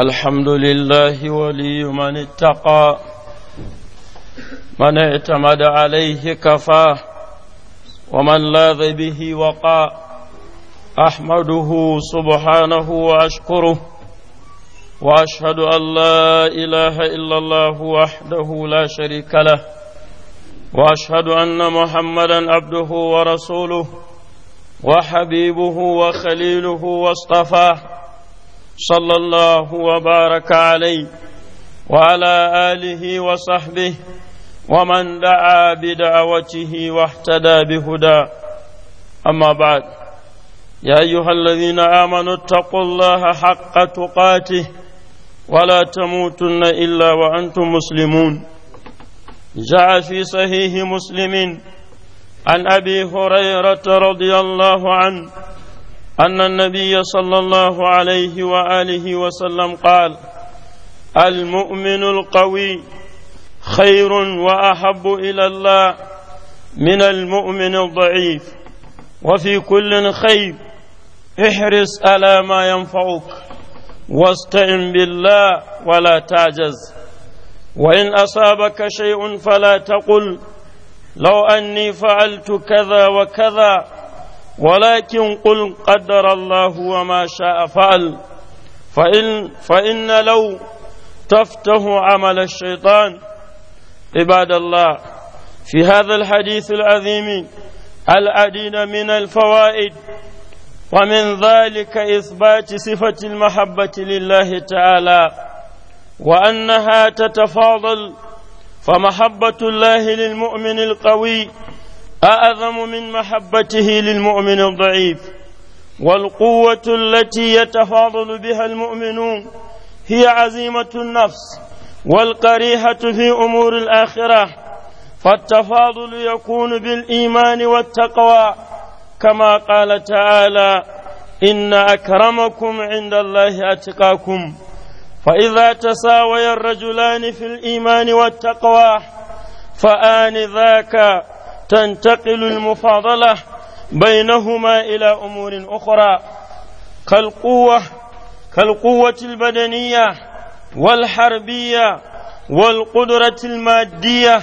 الحمد لله ولي من اتقى من اعتمد عليه كفاه ومن لاذ به وقى أحمده سبحانه وأشكره وأشهد أن لا إله إلا الله وحده لا شريك له وأشهد أن محمدا عبده ورسوله وحبيبه وخليله واصطفاه صلى الله وبارك عليه وعلى آله وصحبه ومن دعا بدعوته واهتدى بهدى أما بعد يا أيها الذين آمنوا اتقوا الله حق تقاته ولا تموتن إلا وأنتم مسلمون جاء في صحيح مسلم عن أبي هريرة رضي الله عنه أن النبي صلى الله عليه وآله وسلم قال المؤمن القوي خير وأحب إلى الله من المؤمن الضعيف وفي كل خير احرص على ما ينفعك واستعن بالله ولا تعجز وإن أصابك شيء فلا تقل لو أني فعلت كذا وكذا ولكن قل قدر الله وما شاء فعل فإن, فإن لو تفتح عمل الشيطان عباد الله في هذا الحديث العظيم العديد من الفوائد ومن ذلك إثبات صفة المحبة لله تعالى وأنها تتفاضل فمحبة الله للمؤمن القوي أعظم من محبته للمؤمن الضعيف والقوة التي يتفاضل بها المؤمنون هي عزيمة النفس والقريحة في أمور الآخرة فالتفاضل يكون بالإيمان والتقوى كما قال تعالى إن أكرمكم عند الله أتقاكم فإذا تساوي الرجلان في الإيمان والتقوى فآنذاك تنتقل المفاضله بينهما الى امور اخرى كالقوه كالقوه البدنيه والحربيه والقدره الماديه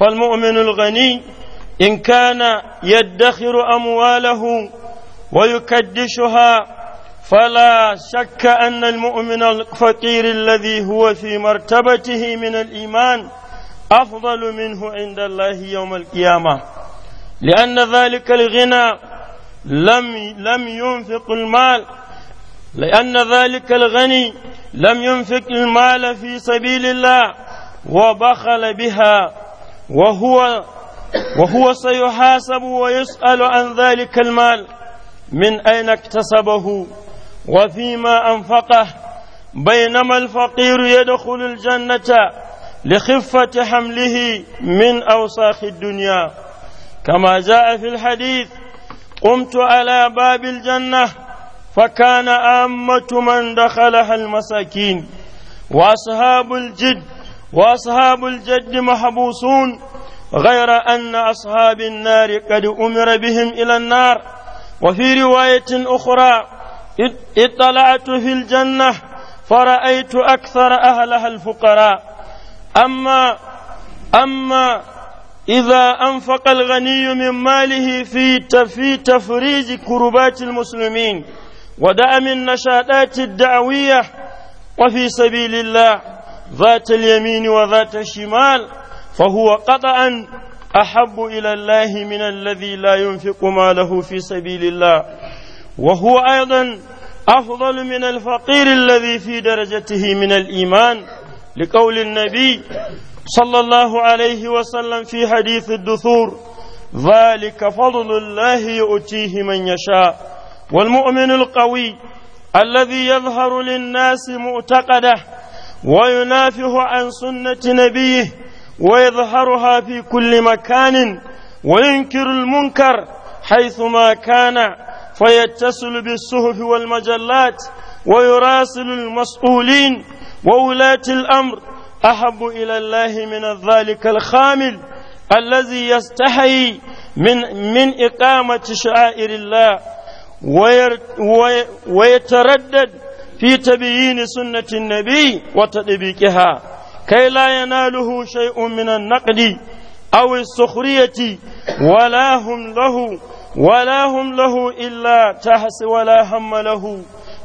فالمؤمن الغني ان كان يدخر امواله ويكدشها فلا شك ان المؤمن الفقير الذي هو في مرتبته من الايمان أفضل منه عند الله يوم القيامة لأن ذلك الغنى لم لم ينفق المال لأن ذلك الغني لم ينفق المال في سبيل الله وبخل بها وهو وهو سيحاسب ويسأل عن ذلك المال من أين اكتسبه وفيما أنفقه بينما الفقير يدخل الجنة لخفة حمله من أوساخ الدنيا كما جاء في الحديث قمت على باب الجنة فكان عامة من دخلها المساكين وأصحاب الجد وأصحاب الجد محبوسون غير أن أصحاب النار قد أمر بهم إلى النار وفي رواية أخرى اطلعت في الجنة فرأيت أكثر أهلها الفقراء أما أما إذا أنفق الغني من ماله في في تفريج كربات المسلمين ودعم النشاطات الدعوية وفي سبيل الله ذات اليمين وذات الشمال فهو قطعا أحب إلى الله من الذي لا ينفق ماله في سبيل الله وهو أيضا أفضل من الفقير الذي في درجته من الإيمان لقول النبي صلى الله عليه وسلم في حديث الدثور ذلك فضل الله يؤتيه من يشاء والمؤمن القوي الذي يظهر للناس معتقده وينافه عن سنه نبيه ويظهرها في كل مكان وينكر المنكر حيثما كان فيتصل بالصحف والمجلات ويراسل المسؤولين وولاة الأمر أحب إلى الله من ذلك الخامل الذي يستحي من من إقامة شعائر الله ويتردد في تبيين سنة النبي وتطبيقها كي لا يناله شيء من النقد أو السخرية ولا هم له ولا هم له إلا تحس ولا هم له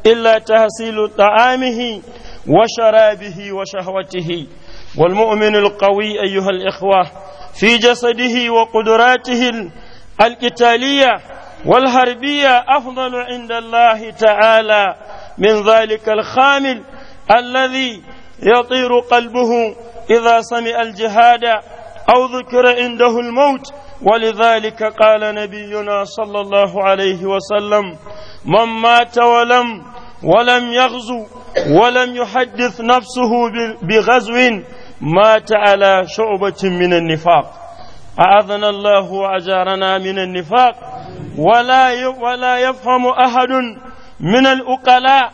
إلا تحصيل طعامه وشرابه وشهوته والمؤمن القوي أيها الإخوة في جسده وقدراته القتالية والهربية أفضل عند الله تعالى من ذلك الخامل الذي يطير قلبه إذا سمع الجهاد أو ذكر عنده الموت ولذلك قال نبينا صلى الله عليه وسلم من مات ولم ولم يغزو ولم يحدث نفسه بغزو مات على شعبة من النفاق أعذنا الله وأجارنا من النفاق ولا ولا يفهم أحد من الأقلاء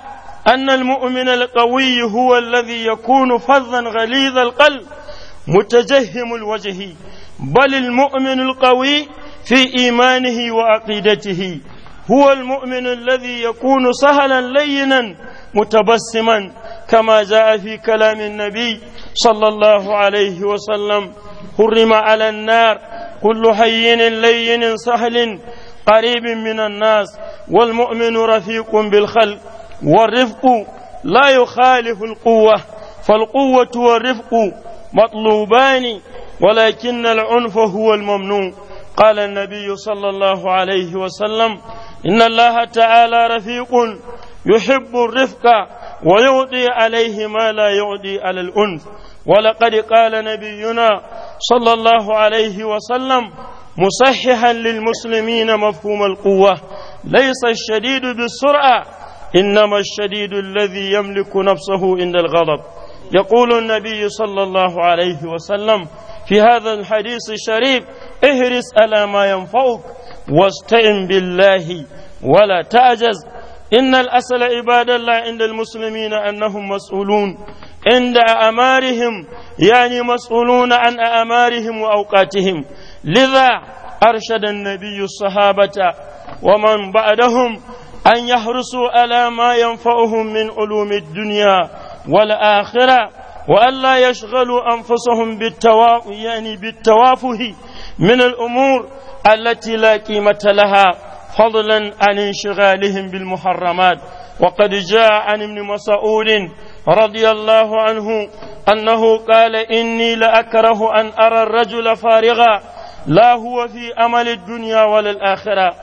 أن المؤمن القوي هو الذي يكون فظا غليظ القلب متجهم الوجه بل المؤمن القوي في إيمانه وعقيدته هو المؤمن الذي يكون سهلا لينا متبسما كما جاء في كلام النبي صلى الله عليه وسلم حرم على النار كل حي لين سهل قريب من الناس والمؤمن رفيق بالخلق والرفق لا يخالف القوة فالقوة والرفق مطلوبان ولكن العنف هو الممنوع قال النبي صلى الله عليه وسلم إن الله تعالى رفيق يحب الرفق ويعطي عليه ما لا يعطي على الأنف ولقد قال نبينا صلى الله عليه وسلم مصححا للمسلمين مفهوم القوة ليس الشديد بالسرعة إنما الشديد الذي يملك نفسه عند الغضب يقول النبي صلى الله عليه وسلم في هذا الحديث الشريف اهرس على ما ينفعك واستعن بالله ولا تعجز إن الأصل عباد الله عند المسلمين أنهم مسؤولون عند أمارهم يعني مسؤولون عن أمارهم وأوقاتهم لذا أرشد النبي الصحابة ومن بعدهم أن يحرصوا على ما ينفعهم من علوم الدنيا والآخرة وألا يشغلوا أنفسهم بالتوا... يعني بالتوافه من الأمور التي لا قيمة لها فضلا عن انشغالهم بالمحرمات وقد جاء عن ابن مسعود رضي الله عنه أنه قال إني لأكره أن أرى الرجل فارغا لا هو في أمل الدنيا ولا الآخرة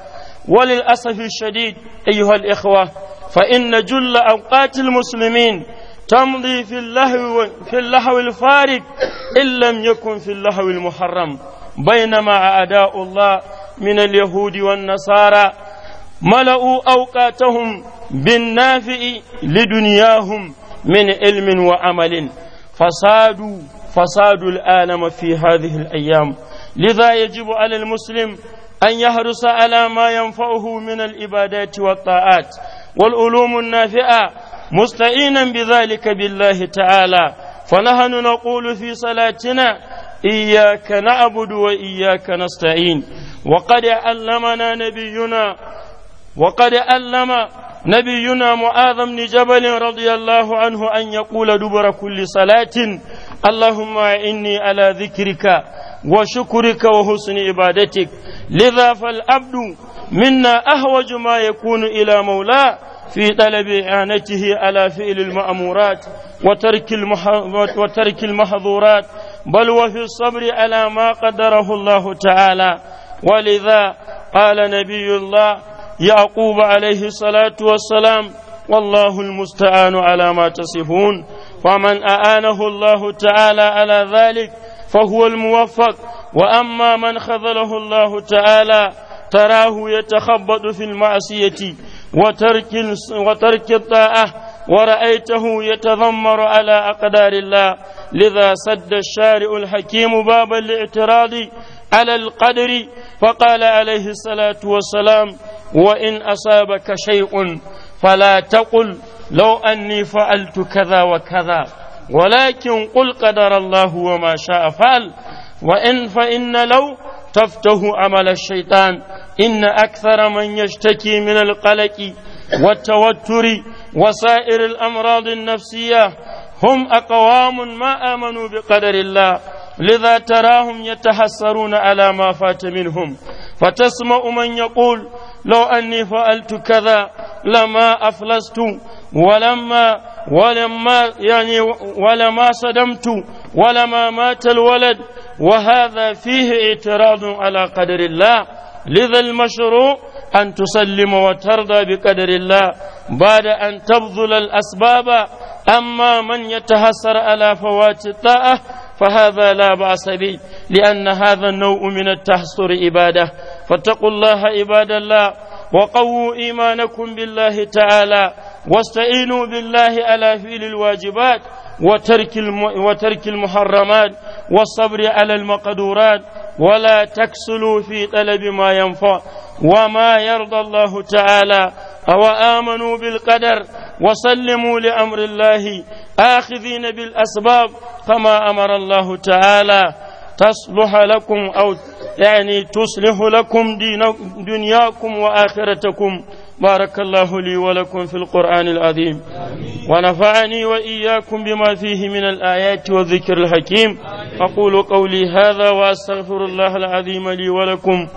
وللأسف الشديد أيها الإخوة فإن جل أوقات المسلمين تمضي في اللهو في اللهو الفارغ إن لم يكن في اللهو المحرم بينما أعداء الله من اليهود والنصارى ملأوا أوقاتهم بالنافع لدنياهم من علم وعمل فصادوا فساد العالم في هذه الأيام لذا يجب على المسلم أن يحرص على ما ينفعه من العبادات والطاعات والعلوم النافعة مستعينا بذلك بالله تعالى فنحن نقول في صلاتنا إياك نعبد وإياك نستعين وقد علمنا نبينا وقد علم نبينا معاذ بن جبل رضي الله عنه أن يقول دبر كل صلاة اللهم إني على ذكرك وشكرك وحسن عبادتك لذا فالعبد منا أهوج ما يكون إلى مولاه في طلب إعانته على فعل المأمورات وترك وترك المحظورات بل وفي الصبر على ما قدره الله تعالى ولذا قال نبي الله يعقوب عليه الصلاة والسلام والله المستعان على ما تصفون ومن أعانه الله تعالى على ذلك فهو الموفق وأما من خذله الله تعالى تراه يتخبط في المعصية وترك وترك الطاعة ورأيته يتذمر على أقدار الله لذا سد الشارع الحكيم باب الاعتراض على القدر فقال عليه الصلاة والسلام وإن أصابك شيء فلا تقل لو أني فعلت كذا وكذا ولكن قل قدر الله وما شاء فعل وإن فإن لو تفته عمل الشيطان إن أكثر من يشتكي من القلق والتوتر وسائر الأمراض النفسية هم أقوام ما آمنوا بقدر الله لذا تراهم يتحسرون على ما فات منهم فتسمع من يقول لو أني فعلت كذا لما أفلست ولما ولما يعني ولما صدمت ولما مات الولد وهذا فيه اعتراض على قدر الله لذا المشروع أن تسلم وترضى بقدر الله بعد أن تبذل الأسباب أما من يتحسر على فوات الطاعة فهذا لا بأس به لأن هذا النوع من التحسر عبادة فاتقوا الله عباد الله وقووا إيمانكم بالله تعالى واستعينوا بالله على فعل الواجبات وترك وترك المحرمات والصبر على المقدورات ولا تكسلوا في طلب ما ينفع وما يرضى الله تعالى أو آمنوا بالقدر وسلموا لأمر الله آخذين بالأسباب كما أمر الله تعالى تصلح لكم أو يعني تصلح لكم دينكم دنياكم وآخرتكم بارك الله لي ولكم في القرآن العظيم ونفعني وإياكم بما فيه من الآيات والذكر الحكيم أقول قولي هذا وأستغفر الله العظيم لي ولكم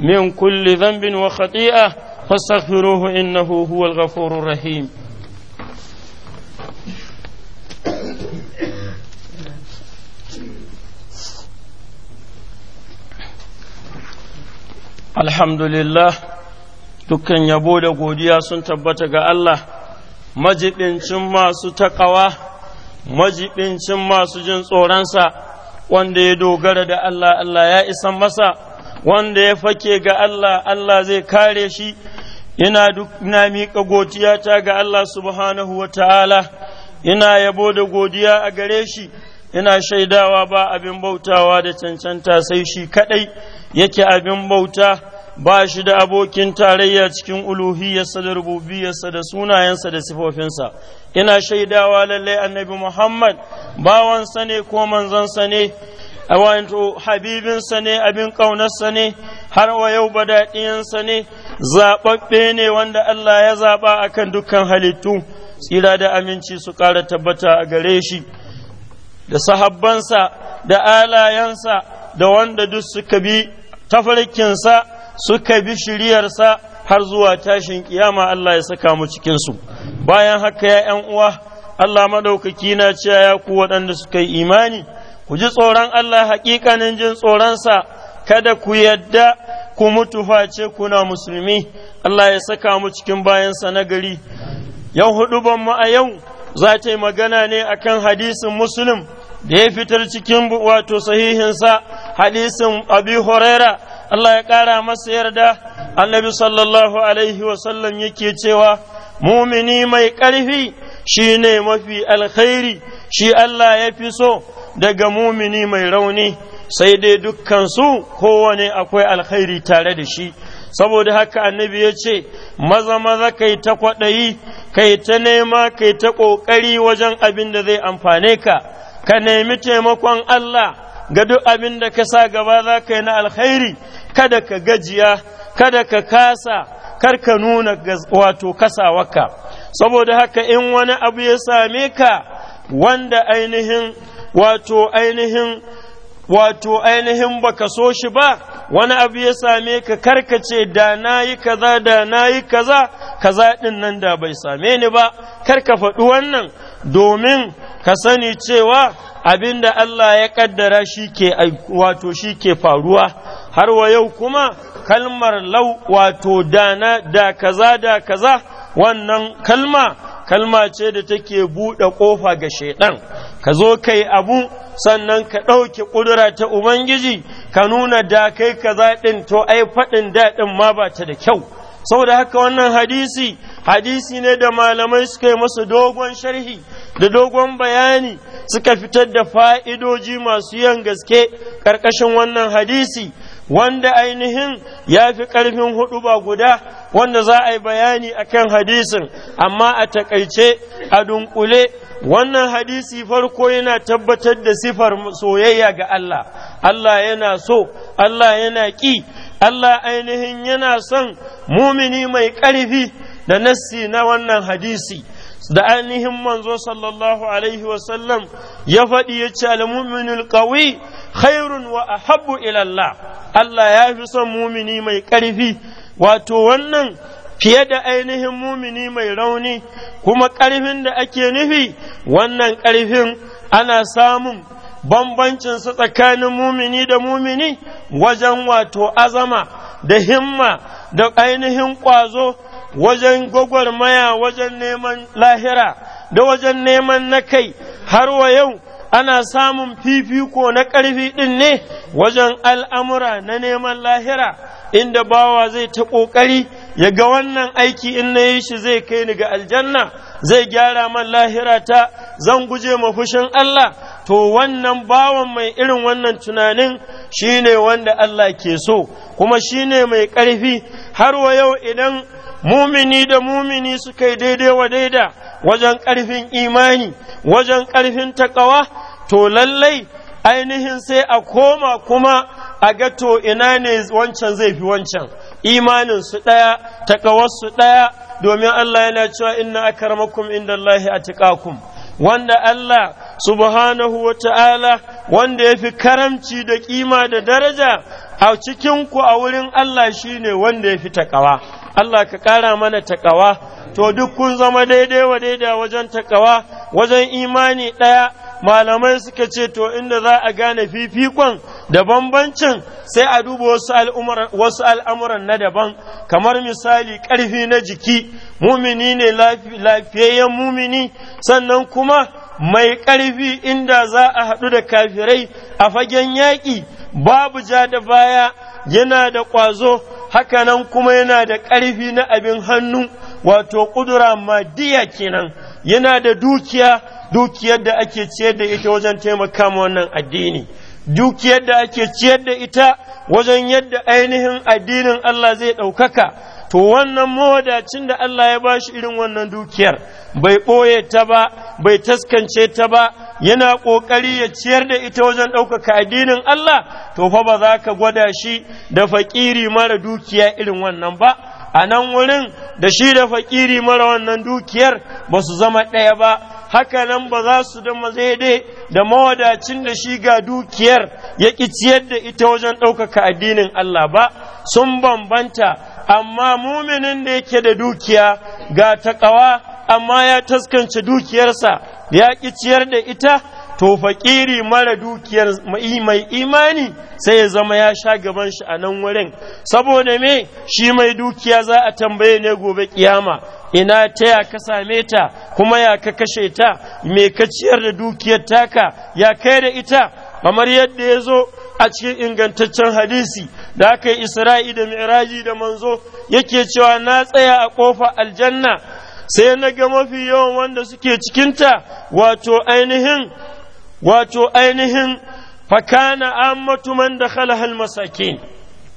من كل ذنب وخطيئة فاستغفروه إنه هو الغفور الرحيم الحمد لله dukkan yabo da godiya sun tabbata ga Allah majibincin masu taƙawa majibincin masu jin tsoronsa wanda ya dogara da Allah Allah ya isa masa wanda ya fake ga Allah Allah zai kare shi ina duk na miƙa godiyata ga Allah subhanahu wa ta'ala ina yabo da godiya a gare shi ina shaidawa ba abin bautawa da cancanta sai shi kaɗai yake abin bauta ba shi da abokin tarayya cikin uluhiyarsa da rububiyarsa da sunayensa da sifofinsa ina shaidawa lallai annabi muhammad bawansa ne ko manzansa ne wato habibinsa ne abin ƙaunarsa ne har wa yau badaɗiyansa ne zaɓaɓɓe ne wanda allah ya zaɓa akan dukkan halittu tsira da aminci su ƙara tabbata a gare shi da sahabbansa da alayensa da wanda duk suka bi tafarkinsa suka bi shiriyarsa har zuwa tashin kiyama Allah ya saka mu cikinsu bayan haka ya ‘yan uwa Allah maɗaukaki na cewa ya ku waɗanda suka yi imani ku ji tsoron Allah haƙiƙanin jin tsoronsa kada ku yadda ku mutu face kuna musulmi Allah ya saka mu cikin bayansa na gari yau hudu ban mu a yau za ta yi magana ne akan hadisin muslim da ya fitar cikin wato sahihinsa hadisin abi huraira Allah ya ƙara masa yarda annabi sallallahu alaihi wasallam yake cewa mumini mai ƙarfi shi ne mafi alkhairi shi Allah ya fi so daga mumini mai rauni sai dai dukkansu kowane akwai alkhairi tare da shi saboda haka annabi ya ce maza maza kai ta kwaɗayi kai ta nema kai ta ƙoƙari wajen abin da zai amfane ka ka nemi taimakon Allah ga duk abin da ka sa gaba za ka yi na alkhairi kada ka gajiya kada ka kasa kar ka nuna wato kasawarka saboda haka in wani abu ya same ka wanda ainihin wato ainihin wato ainihin baka so shi ba wani abu ya same ka karkace da na yi kaza da na yi kaza kaza ɗin nan da bai same ni ba karka faɗi wannan domin ka sani cewa abin da Allah ya kaddara shi ke wato shi ke faruwa har wa yau kuma kalmar lau wato dana da kaza da kaza wannan kalma kalma ce da take buɗe ƙofa ga shaiɗan ka zo ka yi abu sannan ka ɗauke ƙudura ta ubangiji ka nuna da kai kaza ɗin to ai faɗin daɗin ma ba ta da kyau saboda haka wannan hadisi hadisi ne da malamai suka yi masa dogon sharhi da dogon bayani suka fitar da fa'idoji masu yan gaske ƙarƙashin wannan hadisi wanda ainihin ya fi ƙarfin hudu ba guda wanda za a yi bayani a kan hadisin amma a takaice a dunkule wannan hadisi farko yana tabbatar da sifar soyayya ga Allah Allah yana so Allah yana ƙi Allah ainihin yana son mumini mai ƙarfi da nassi na wannan hadisi da ainihin manzo sallallahu alaihi wasallam ya faɗi ya ce al-mu'minul qawi khairun wa ahabbu ila Allah Allah ya fi son mumini mai ƙarfi wato wannan fiye da ainihin mumini mai rauni kuma ƙarfin da ake nufi wannan ƙarfin ana samun bambancinsa tsakanin mumini da mumini wajen wato azama da himma da ainihin ƙwazo wajen gwagwarmaya wajen neman lahira da wajen neman na kai har wa yau ana samun fifiko na ƙarfi ɗin ne wajen al'amura na neman lahira inda bawa zai ta ƙoƙari ya ga wannan aiki in na yi shi zai kai ni ga aljanna zai gyara man lahira ta zan guje ma fushin Allah to wannan bawan mai irin wannan tunanin shi ne wanda Allah ke so kuma shi ne mai ƙarfi har wa yau idan mumini da mumini suka yi daidai wa daida wajen ƙarfin imani wajen ƙarfin taƙawa to lallai ainihin sai a koma kuma a ga to ina ne wancan zai fi wancan imanin su ɗaya taƙawar su ɗaya domin Allah yana cewa inna akarmakum inda Allah a wanda Allah subhanahu wa ta'ala wanda ya fi karamci da ƙima da daraja a cikinku a wurin Allah shine wanda ya fi taƙawa. Allah ka ƙara mana taƙawa to duk kun zama daidai wa daidai wajen taƙawa wajen imani ɗaya malamai suka ce to inda za a gane fifikon da bambancin sai a duba wasu al'amuran na daban kamar misali ƙarfi na jiki mumini ne lafiyayyen mumini sannan kuma mai ƙarfi inda za a haɗu da kafirai a fagen yaƙi babu ja da baya yana da ƙwazo hakanan kuma yana da ƙarfi na abin hannu wato ƙudura madiya kenan yana da dukiya dukiyar da ake ciyar da ita wajen taimaka ma wannan addini dukiyar da ake ciyar da ita wajen yadda ainihin addinin Allah zai ɗaukaka to wannan mawadacin da Allah ya ba shi irin wannan dukiyar bai ɓoye ta ba bai taskance ta ba yana ƙoƙari ya ciyar da ita wajen ɗaukaka addinin Allah to fa ba za ka gwada shi da faƙiri mara dukiya irin wannan ba a nan wurin da shi da faƙiri mara wannan dukiyar ba su zama ɗaya ba haka nan ba za su dama daidai da mawadacin da shi ga dukiyar ya ciyar da ita wajen ɗaukaka addinin Allah ba sun bambanta amma muminin da yake da dukiya ga taƙawa amma ya taskance dukiyarsa ya ƙi ciyar da ita to faƙiri mara dukiyar mai imani sai ya zama ya sha gaban shi a nan wurin saboda me shi mai dukiya za a tambaye ne gobe kiyama ina ta ya ka same ta kuma ya ka kashe ta me ka ciyar da dukiyar taka ya kai da ita kamar yadda ya zo a cikin ingantaccen hadisi da aka yi isra'i da mi'raji da manzo yake cewa na tsaya a ƙofar aljanna sai na ga mafi yawan wanda suke cikinta wato ainihin wato ainihin fakana ammatu man dakhala hal masakin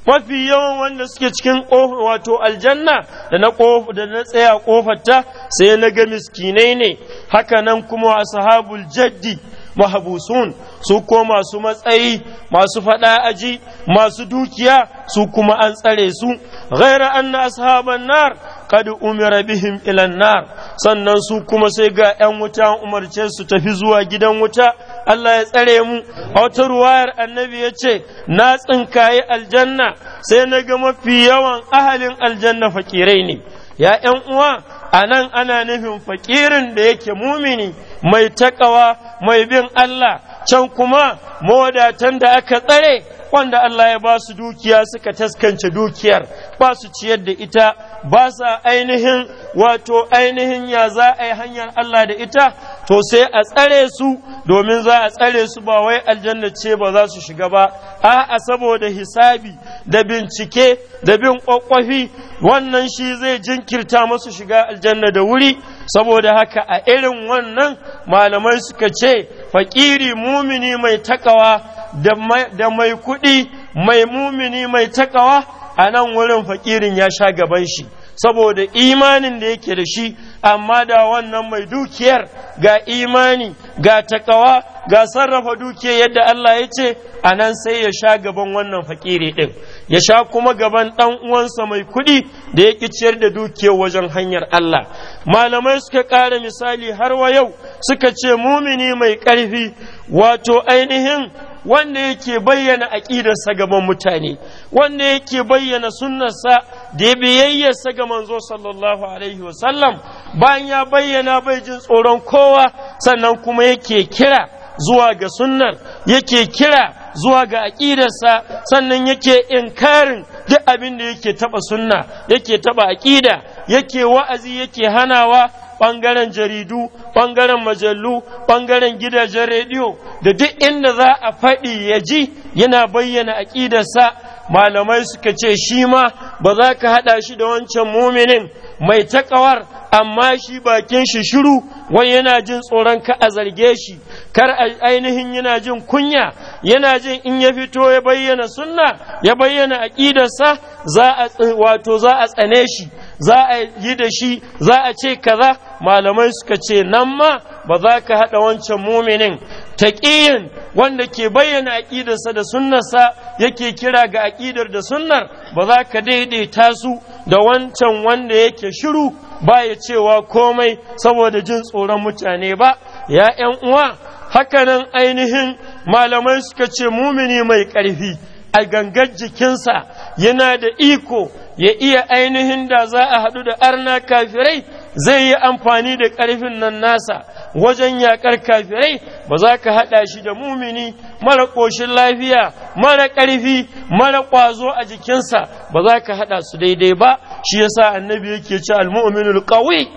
mafi yawan wanda suke cikin wato aljanna da na da na tsaya kofarta sai na ga miskinai ne haka nan kuma ashabul jaddi mahabusun su ko masu matsayi masu fada aji masu dukiya su kuma an tsare su ghaira anna ashaban nar kad umira bihim ila nar sannan su kuma sai ga yan wuta umarce su tafi zuwa gidan wuta Allah ya tsare mu a wata ruwayar annabi ya ce na tsinkaye aljanna sai na ga mafi yawan ahalin aljanna fakirai ne ya ‘yan uwa a nan ana nufin fakirin da yake mumini mai takawa mai bin Allah can kuma mawadatan da aka tsare wanda Allah ya ba su dukiya suka taskance dukiyar ba su ciyar da ita ba sa ainihin wato ainihin ya za a yi hanyar Allah da ita to sai a tsare su domin za a tsare su ba wai aljanna ce ba za su shiga ba a'a saboda hisabi da bincike da bin kwakwafi wannan shi zai jinkirta masu shiga aljanna da wuri saboda haka a irin wannan malamai suka ce fakiri mumini mai takawa da mai kudi mai mumini mai takawa a nan wurin fakirin ya sha gaban shi saboda imanin da yake da shi amma da wannan mai dukiyar ga imani ga takawa ga sarrafa dukiyar yadda Allah ya ce a nan sai ya sha gaban wannan fakiri ɗin ya sha kuma gaban ɗan uwansa mai kuɗi da ya ciyar da dukiyar wajen hanyar Allah malamai suka ƙara misali har wa yau suka ce mumini mai ƙarfi wato ainihin wanda yake bayyana aƙidarsa gaban mutane wanda yake bayyana sunnarsa da ya biyayyarsa ga manzo sallallahu alaihi wasallam bayan ya bayyana bai jin tsoron kowa sannan kuma yake kira zuwa ga sunnar yake kira zuwa ga aƙidarsa sannan yake inkarin duk abin da yake taba sunna yake taɓa aƙida yake wa'azi yake hanawa ɓangaren jaridu ɓangaren majallu ɓangaren gidajen rediyo da duk inda za a faɗi ya ji yana bayyana aƙidarsa malamai suka ce shi ma ba za ka haɗa shi da wancan muminin mai takawar amma shi bakin shi shiru wai yana jin tsoron ka a zarge shi kar ainihin yana jin kunya yana jin in ya fito ya bayyana sunna ya bayyana aƙidarsa za a wato za a tsane shi za a yi da shi za a ce kaza malamai suka ce nan ma ba za ka haɗa wancan muminin taƙiyan wanda ke bayyana aƙidarsa da sunnarsa yake kira ga aƙidar da sunnar ba za ka daidaita su da wancan wanda yake shiru ba ya cewa komai saboda jin tsoron mutane ba ya ‘yan uwa hakanan ainihin malamai suka ce mumini mai ƙarfi a gangar jikinsa yana da iko ya iya ainihin da za a haɗu da arna kafirai zai yi amfani da ƙarfin nan nasa wajen yaƙar kafirai ba za ka haɗa shi da mumini mara ƙoshin lafiya mara ƙarfi mara ƙwazo a jikinsa ba za ka haɗa su daidai ba shi yasa annabi yake ci al-mu'minul qawi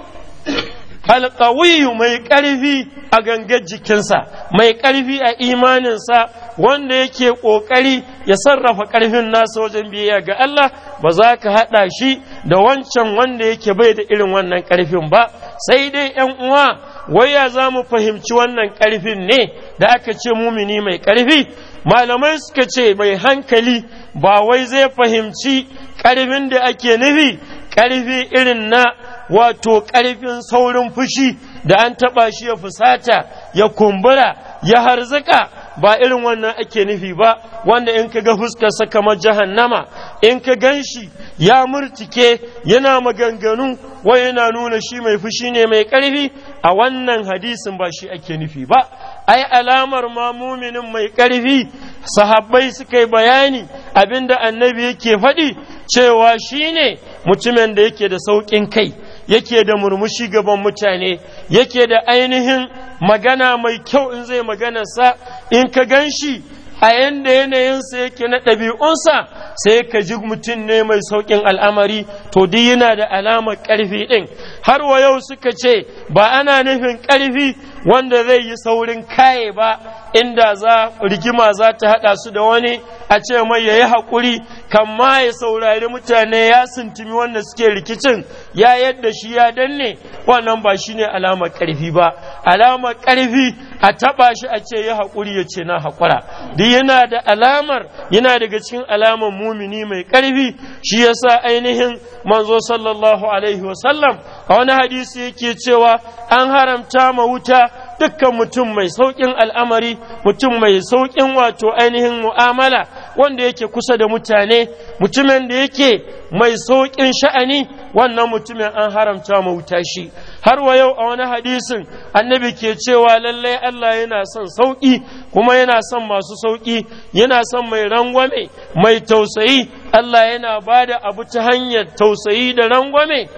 alƙawiyu mai ƙarfi a gangar jikinsa mai ƙarfi a imaninsa wanda yake ƙoƙari ya sarrafa ƙarfin nasa wajen biyayya ga Allah ba za ka haɗa shi da wancan wanda yake bai da irin wannan ƙarfin ba sai dai ‘yan uwa wai ya za mu fahimci wannan ƙarfin ne da aka ce mumini mai ƙarfi malamai suka ce mai hankali ba wai zai fahimci ƙarfin da ake nufi ƙarfi irin na wato ƙarfin saurin fushi da an taɓa shi ya fusata ya kumbura ya harzika ba irin wannan ake nufi ba wanda in ka ga sa kamar jahannama in ka gan shi ya murtike yana maganganu wai yana nuna shi mai fushi ne mai ƙarfi a wannan hadisin ba shi ake nufi ba ai alamar ma muminin mai ƙarfi sahabbai suka yi bayani abinda annabi yake faɗi cewa shine mutumin da yake da sauƙin kai yake da murmushi gaban mutane yake da ainihin magana mai kyau in zai maganarsa in ka gan shi a yanda yanayinsa yake na ɗabi'unsa sai ka ji mutum ne mai sauƙin al'amari to duk yana da alamar ƙarfi ɗin har wa yau suka ce ba ana nufin ƙarfi wanda zai yi saurin kaye ba inda za rigima za ta haɗa su da wani a ce mai ya yi haƙuri kan ma ya saurari mutane ya suntumi wanda suke rikicin ya yadda shi ya danne wannan ba shi ne alamar ƙarfi ba alamar ƙarfi a taɓa shi a ce ya haƙuri ya ce na haƙura duk yana da alamar yana daga cikin alamar mumini mai ƙarfi shi yasa ainihin manzo sallallahu alaihi wa sallam. wani hadisi yake cewa an haramta ma wuta dukkan mutum mai sauƙin al'amari mutum mai sauƙin wato ainihin mu'amala wanda yake kusa da mutane mutumin da yake mai sauƙin sha'ani wannan mutumin an haramta ma wuta shi har wa yau a wani hadisin annabi ke cewa lallai Allah yana son sauƙi kuma yana son masu sauƙi yana son mai rangwame mai tausayi Allah yana bada abu ta hanyar tausayi da rangwame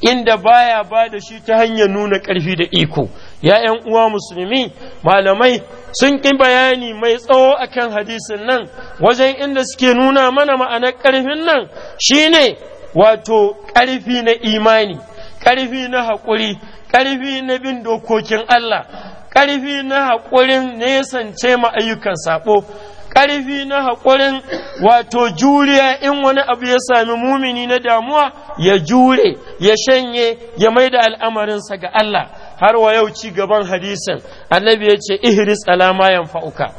inda baya ba da shi ta hanyar nuna ƙarfi da iko 'ya'yan uwa musulmi malamai sun ƙi bayani mai tsawo akan hadisin nan wajen inda suke nuna mana ma'anar ƙarfin nan shine wato ƙarfi na imani ƙarfi na haƙuri ƙarfi na bin dokokin Allah ƙarfi na haƙurin nesance ma ayyukan saɓo karfi na haƙurin wato juriya in wani abu ya sami mumini na damuwa ya jure ya shanye ya mai da al'amarinsa ga Allah har wa yau ci gaban hadisin annabi ya ce ihris alama yanfa'uka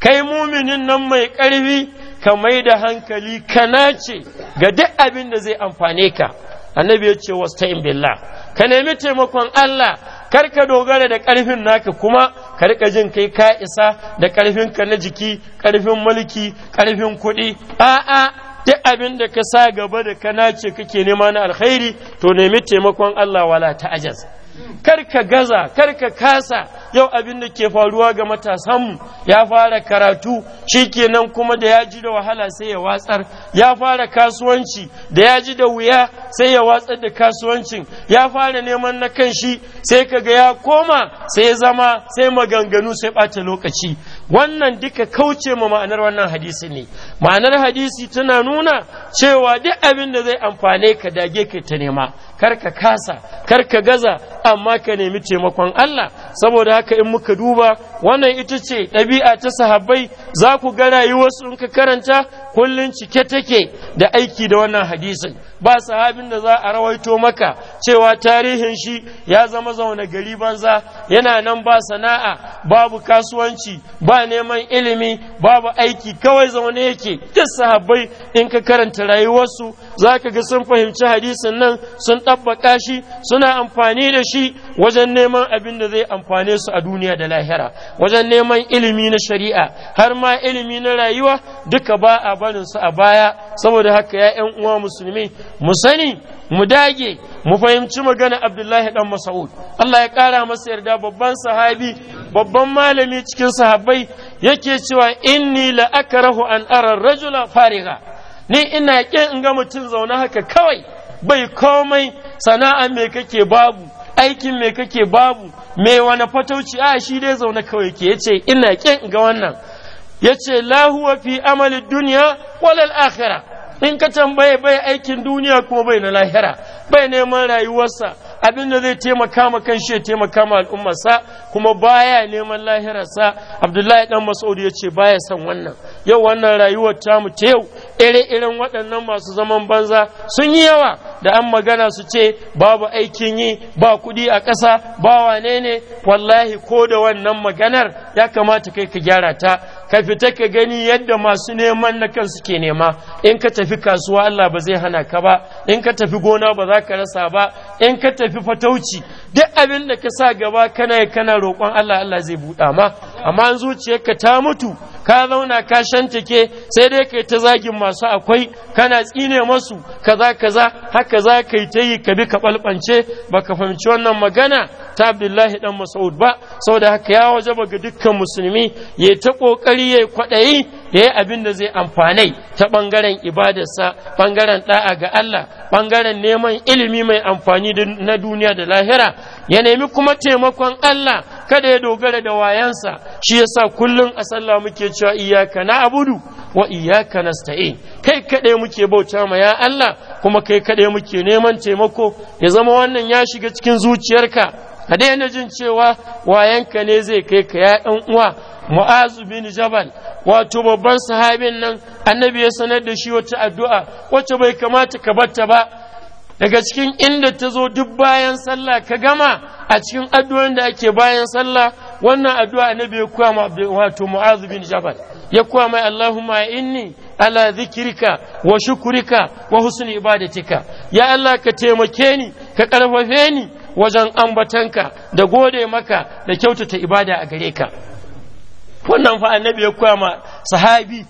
kai muminin nan mai ƙarfi ka mai da hankali ka nace ga duk abin da zai amfane ka annabi ya ce wasta'in billah ka nemi taimakon Allah kar ka dogara da ƙarfin naka kuma ka rika jin kai ka isa da ƙarfin ka na jiki ƙarfin mulki ƙarfin kuɗi a'a duk abin da ka sa gaba da ka nace kake nema na alkhairi to nemi taimakon Allah wala ta'ajaz kar ka gaza kar ka kasa yau abin da ke faruwa ga matasanmu ya fara karatu shi shikenan kuma da ya ji da wahala sai ya watsar ya fara kasuwanci da ya ji da wuya sai ya watsar da kasuwancin ya fara neman na kan shi sai kaga ya koma sai zama sai maganganu sai bata lokaci wannan duka kauce ma ma'anar wannan hadisi ne ma'anar hadisi tana nuna cewa duk abin da zai amfane ka dage kai ta nema kar ka kasa kar ka gaza amma ka nemi taimakon Allah saboda haka in muka duba wannan ita ce ɗabi'a ta sahabbai za ku ga rayuwarsu in ka karanta kullun cike take da aiki da wannan hadisin ba sahabin da za a rawaito maka cewa tarihin shi ya zama zaune gari banza yana nan ba sana'a babu kasuwanci ba neman ilimi babu aiki kawai zaune yake ta sahabbai in ka karanta rayuwarsu za ka ga sun fahimci hadisin nan sun ɗabbaka shi suna amfani da shi wajen neman abin da zai amfane su a duniya da lahira wajen neman ilimi na shari'a har ma ilimi na rayuwa duka ba a barin su a baya saboda haka ya yan uwa musulmi mu sani mu dage mu fahimci magana abdullahi dan mas'ud Allah ya ƙara masa yarda babban sahabi babban malami cikin sahabbai yake cewa inni la akrahu an ara rajula fariga ni ina ƙin in ga mutum zaune haka kawai bai komai sana'a mai kake babu aikin mai kake babu mai wani fatauci a shi dai zaune kawai ke yace ina kin ga wannan yace la huwa fi amali duniya wal ahira. in ka tambaye bai aikin duniya kuma bai na lahira bai neman rayuwarsa abin da zai taimaka ma shi ya taimaka ma al'ummarsa kuma baya neman lahirarsa abdullahi dan mas'ud ya ce baya son wannan yau wannan rayuwar tamu ta yau ire-iren waɗannan masu zaman banza sun yi yawa da an magana su ce babu aikin yi ba kuɗi a ƙasa ba wane ne wallahi ko da wannan maganar ya kamata kai ka gyara ta ka fita ka gani yadda masu neman na kan suke nema in ka tafi kasuwa Allah ba zai hana ka ba in ka tafi gona ba za ka rasa ba in ka tafi fatauci duk abin da ka sa gaba kana kana roƙon Allah Allah zai buɗa ma amma an zuciyarka ta mutu ka zauna ka shantake sai dai kai ta zagin masu akwai kana tsine masu kaza kaza haka za ka yi ta yi ka bi ka Ba ka fahimci wannan magana ta Abdullahi dan Mas'ud ba saboda haka ya waje ba ga dukkan musulmi ya ta ƙoƙari ya yi kwaɗayi da ya abin da zai amfanai ta ɓangaren ibadarsa Ɓangaren ɗa'a ga Allah Ɓangaren neman ilimi mai amfani na duniya da lahira ya nemi kuma taimakon Allah kada ya dogara da wayansa shi yasa kullum a sallah muke cewa iyyaka na'budu wa iyyaka nasta'in kai kadai muke bauta ma ya Allah kuma kai kadai muke neman taimako ya zama wannan ya shiga cikin zuciyarka a daina jin cewa wayanka ne zai kai ka ya ɗan uwa mu'azu bin jabal wato babban sahabin nan annabi ya sanar da shi wata addu'a wacce bai kamata ka batta ba daga cikin inda ta zo duk bayan sallah ka gama a cikin addu'an da ake bayan sallah wannan addu'a na ya kuwa ma wato mu'azu bin jabal ya kuwa mai allahumma inni ala zikirka wa shukurika wa husni ibadatika ya allah ka taimake ni ka karfafe ni wajen ambatanka da gode maka da kyautata ibada a gare ka wannan fa annabi ya kuwa ma sahabi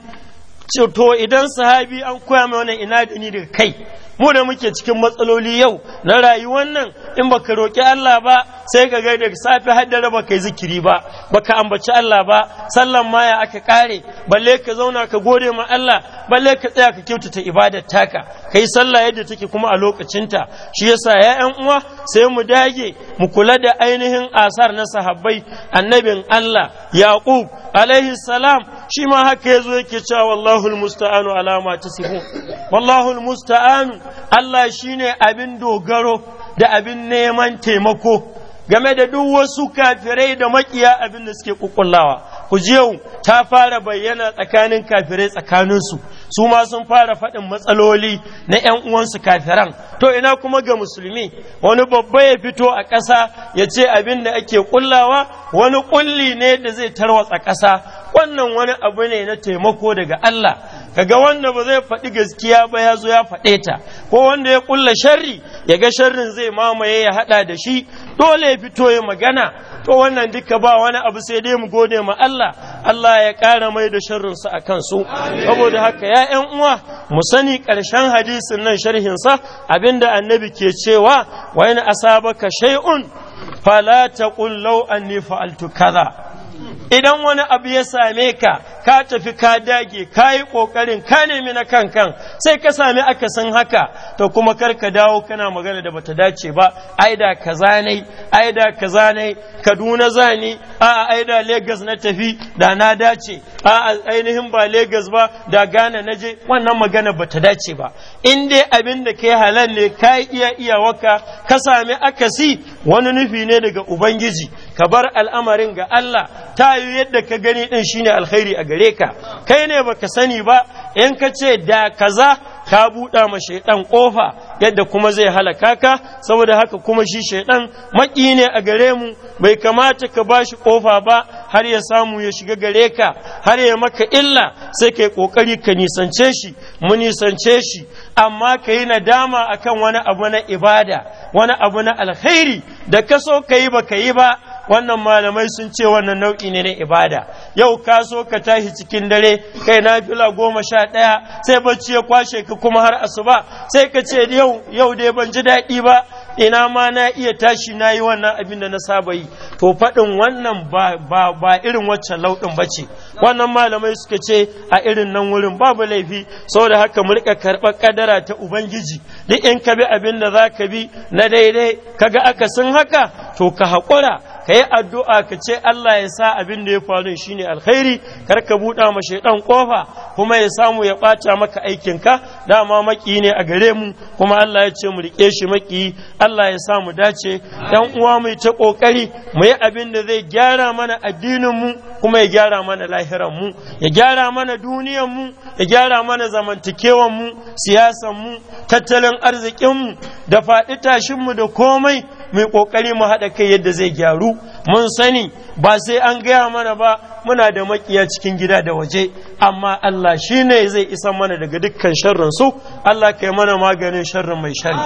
to idan sahabi an koya mai wannan ina ni daga kai mu da muke cikin matsaloli yau na rayuwar nan in baka roƙi Allah ba sai ka ga daga safe har da raba yi zikiri ba baka ambaci Allah ba sallan ma ya aka kare balle ka zauna ka gode ma Allah balle ka tsaya ka kyautata ibadar taka kai sallah yadda take kuma a lokacinta shi yasa ya'yan uwa sai mu dage mu kula da ainihin asar na sahabbai annabin Allah Yaqub alaihi salam shi ma haka ya zo yake cewa wallahul musta'anu alama ma tasifu wallahul musta'anu Allah shine abin dogaro da abin neman taimako game da duk wasu kafirai da makiya abin da suke kukullawa ku ji yau ta fara bayyana tsakanin kafirai tsakaninsu su ma sun fara faɗin matsaloli na 'yan uwansu kafiran to ina kuma ga musulmi wani babba ya fito a ƙasa ya ce abin da ake kullawa wani kulli ne da zai tarwatsa ƙasa wannan wani abu ne na taimako daga Allah kaga wanda ba zai faɗi gaskiya ba ya zo ya faɗe ta ko wanda ya ƙulla sharri ya ga sharrin zai mamaye ya haɗa da shi dole ya fito ya magana to wannan duka ba wani abu sai dai mu gode ma Allah Allah ya ƙara mai da sharrin su a kansu saboda haka ya ƴan uwa mu sani ƙarshen hadisin nan sharhin sa abinda annabi ke cewa wa in asabaka shay'un fala taqul law anni fa'altu kaza idan wani abu ya same ka ka tafi ka dage ka yi ƙoƙarin ka nemi na kan kan, sai ka sami akasin haka to kuma kar ka dawo kana magana da bata dace ba ai da kaza ne ai da kaza ne kaduna zani a ai da Legas na tafi da na dace a ainihin ba Legas ba da ghana na je wannan magana bata dace ba in dai abin da kai halal ne ka iya waka ka sami akasi wani nufi ne daga ubangiji ka bar al'amarin ga Allah ta yi yadda ka gani ɗin shi ne alkhairi a gare ka kai ne baka sani ba in ka ce da kaza ka buɗa ma shaiɗan ƙofa yadda kuma zai halaka ka saboda haka kuma shi shaiɗan maƙi ne a gare mu bai kamata ka ba shi ƙofa ba har ya samu ya shiga gare ka har ya maka illa sai ka yi ƙoƙari ka nisance shi mu nisance shi amma ka yi nadama akan wani abu na ibada wani abu na alkhairi da ka so ka yi ba ka yi ba wannan malamai sun ce wannan nau'i ne na ibada yau ka so ka tashi cikin dare kai na fila goma sha ɗaya sai bacci ya kwashe ka kuma har asuba sai ka ce yau yau dai ban ji daɗi ba ina ma na iya tashi na yi wannan abin da na saba yi to faɗin wannan ba irin waccan lauɗin ba ce wannan malamai suka ce a irin nan wurin babu laifi saboda haka mu rika karɓar kadara ta ubangiji duk in ka bi abin da za ka bi na daidai ka kaga akasin haka to ka haƙura ka yi addu'a ka ce Allah ya sa abin da ya faru shi ne alkhairi kar ka buɗa ma shaidan ƙofa kuma ya samu ya ɓata maka aikinka dama maki ne a gare mu kuma Allah ya ce mu riƙe shi maki Allah ya sa mu dace ɗan uwa mai ta ƙoƙari mu yi abin da zai gyara mana addinin mu kuma ya gyara mana lahiran mu ya gyara mana duniyan mu ya gyara mana zamantakewan mu siyasan mu tattalin arzikin mu da faɗi tashin mu da komai mai kokari mu haɗa kai yadda zai gyaru mun sani ba sai an gaya mana ba muna da makiya cikin gida da waje amma Allah shi ne zai isa mana daga dukkan sharrin su Allah ka yi mana maganin sharrin mai shari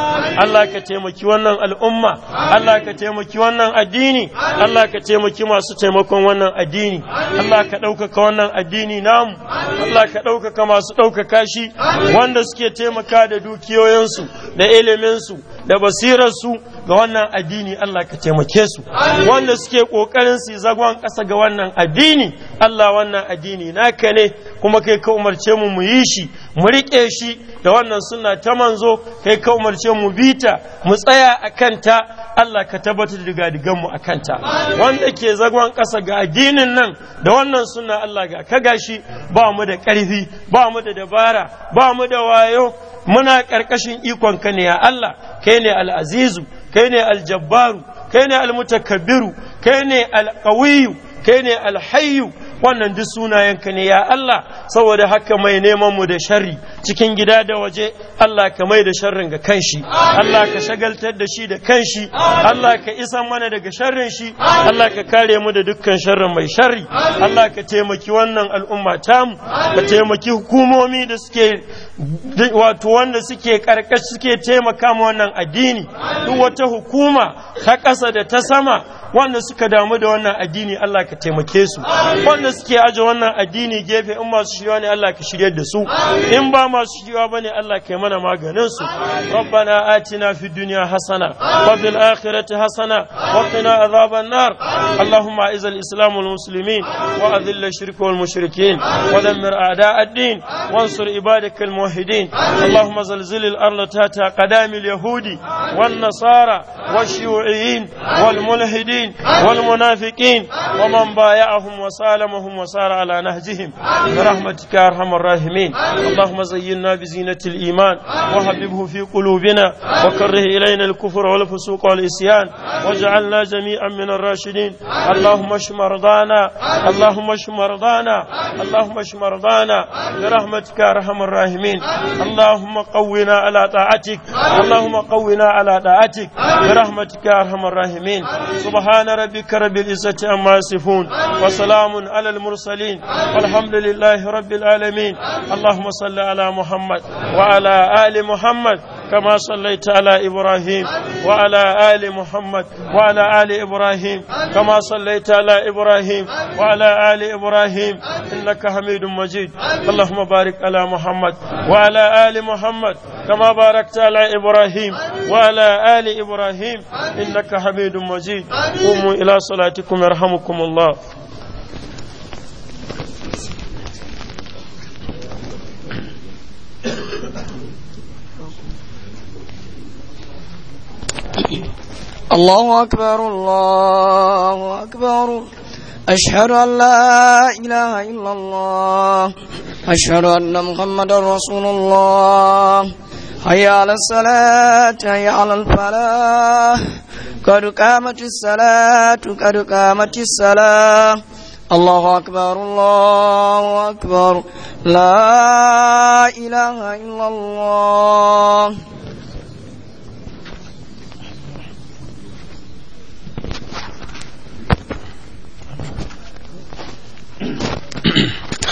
Allah ka taimaki wannan al'umma Allah ka taimaki wannan addini Allah ka taimaki masu taimakon wannan addini Allah ka ɗaukaka wannan addini namu Allah ka ɗaukaka masu ɗaukaka shi wanda suke taimaka da dukiyoyinsu da iliminsu da basirarsu ga wannan addini Allah ka taimake su wanda suke ƙoƙarin su zagon ƙasa ga wannan addini Allah wannan addini naka ne kuma kai ka umarce mu mu yi shi mu riƙe shi da wannan suna ta manzo kai ka umarce mu bita mu tsaya a kanta Allah ka tabbatar da gadigan mu a kanta wanda ke zagon ƙasa ga addinin nan da wannan suna Allah ga ka gashi ba mu da ƙarfi ba mu da dabara ba mu da wayo muna ƙarƙashin ikon ka ne ya Allah kai ne al'azizu kai ne aljabbaru kai ne kabiru kai ne alqawiyu kai ne alhayyu wannan duk sunayenka ne ya Allah saboda haka mai neman mu da sharri cikin gida da waje Allah ka mai da sharrin ga kanshi Allah ka shagaltar da shi da kanshi Allah ka isa mana daga sharrin shi Allah ka kare mu da dukkan sharrin mai sharri Allah ka taimaki wannan al'umma tamu ka taimaki hukumomi da suke wato wanda suke karkashin suke taimaka mu wannan addini duk wata hukuma ta ƙasa da ta sama wanda suka damu da wannan addini Allah ka taimake su wanda suke aje wannan addini gefe in masu shirya ne Allah ka shiryar da su in ba masu shigewa bane Allah kai mana maganin su rabbana atina fid dunya hasana wa fil akhirati hasana wa qina adhaban nar allahumma a'iz al islam wal muslimin wa adhill ash-shirk wal mushrikin wa dammir a'da ad-din wansur ibadak al muwahhidin allahumma zalzil al arda tata qadami al yahudi wan nasara والشيوعيين والملحدين والمنافقين ومن بايعهم وسالمهم وسار على نهجهم برحمتك يا ارحم الراحمين اللهم زي وزينا بزينة الإيمان وحببه في قلوبنا وكره إلينا الكفر والفسوق والإسيان واجعلنا جميعا من الراشدين اللهم اشمرضانا اللهم اشمرضانا اللهم اشمرضانا برحمتك يا أرحم الراحمين اللهم قونا على طاعتك اللهم قونا على طاعتك برحمتك يا أرحم الراحمين سبحان ربك رب العزة عما يصفون وسلام على المرسلين والحمد لله رب العالمين اللهم صل على محمد وعلى آل محمد كما صليت على إبراهيم وعلى آل محمد وعلى آل إبراهيم كما صليت على إبراهيم وعلى آل إبراهيم إنك حميد مجيد اللهم بارك على محمد وعلى آل محمد كما باركت على إبراهيم وعلى آل إبراهيم إنك حميد مجيد قوموا إلى صلاتكم يرحمكم الله الرحيم الله أكبر الله أكبر أشهد أن لا إله إلا الله أشهد أن محمدا رسول الله هيا على الصلاة هيا على الفلاح قد قامت الصلاة قد قامت الصلاة الله أكبر الله أكبر لا إله إلا الله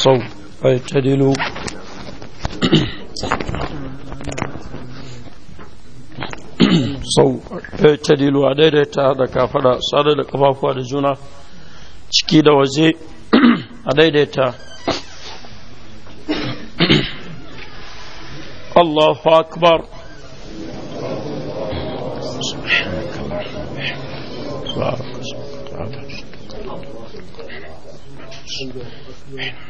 الصوم ويعتدل sau ta dilo a daidaita da kafada sada da kafafuwa da juna ciki da waje a daidaita allahu akbar subhanahu wa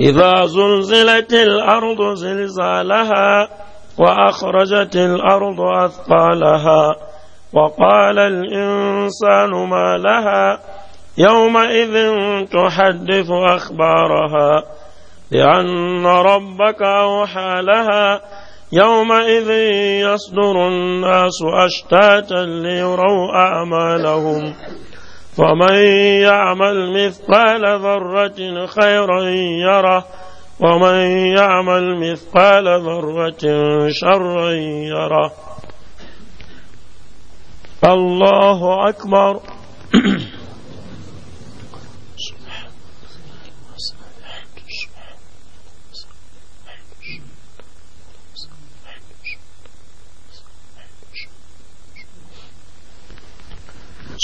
إذا زلزلت الأرض زلزالها وأخرجت الأرض أثقالها وقال الإنسان ما لها يومئذ تحدث أخبارها لأن ربك أوحى لها يومئذ يصدر الناس أشتاتا ليروا أعمالهم فمن يعمل مثقال ذرة خيرا يره ومن يعمل مثقال ذرة شرا يره الله أكبر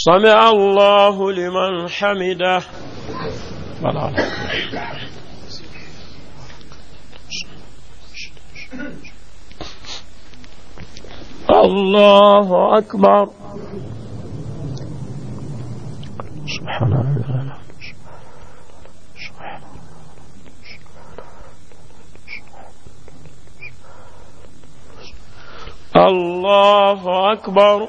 سمع الله لمن حمده الله أكبر سبحان الله الله أكبر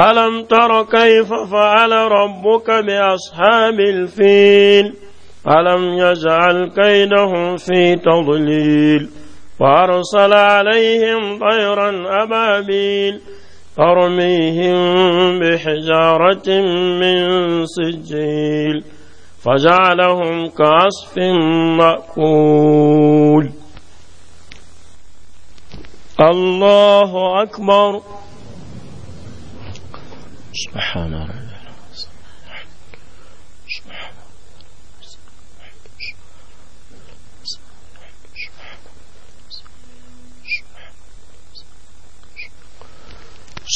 ألم تر كيف فعل ربك بأصحاب الفيل ألم يجعل كيدهم في تضليل وأرسل عليهم طيرا أبابيل ترميهم بحجارة من سجيل فجعلهم كعصف مأكول الله أكبر سبحان ربنا سبحان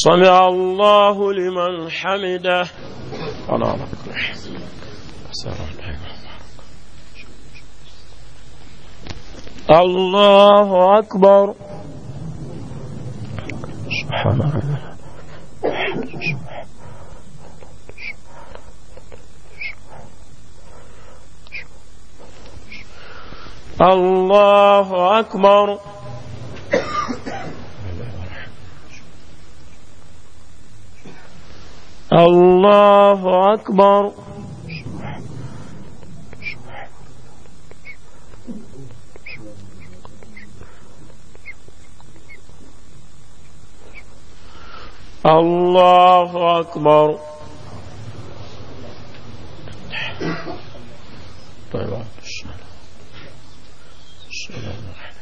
سمع الله لمن حمده أنا الله أكبر سبحان الله الله أكبر الله أكبر الله أكبر طيب しょうがない。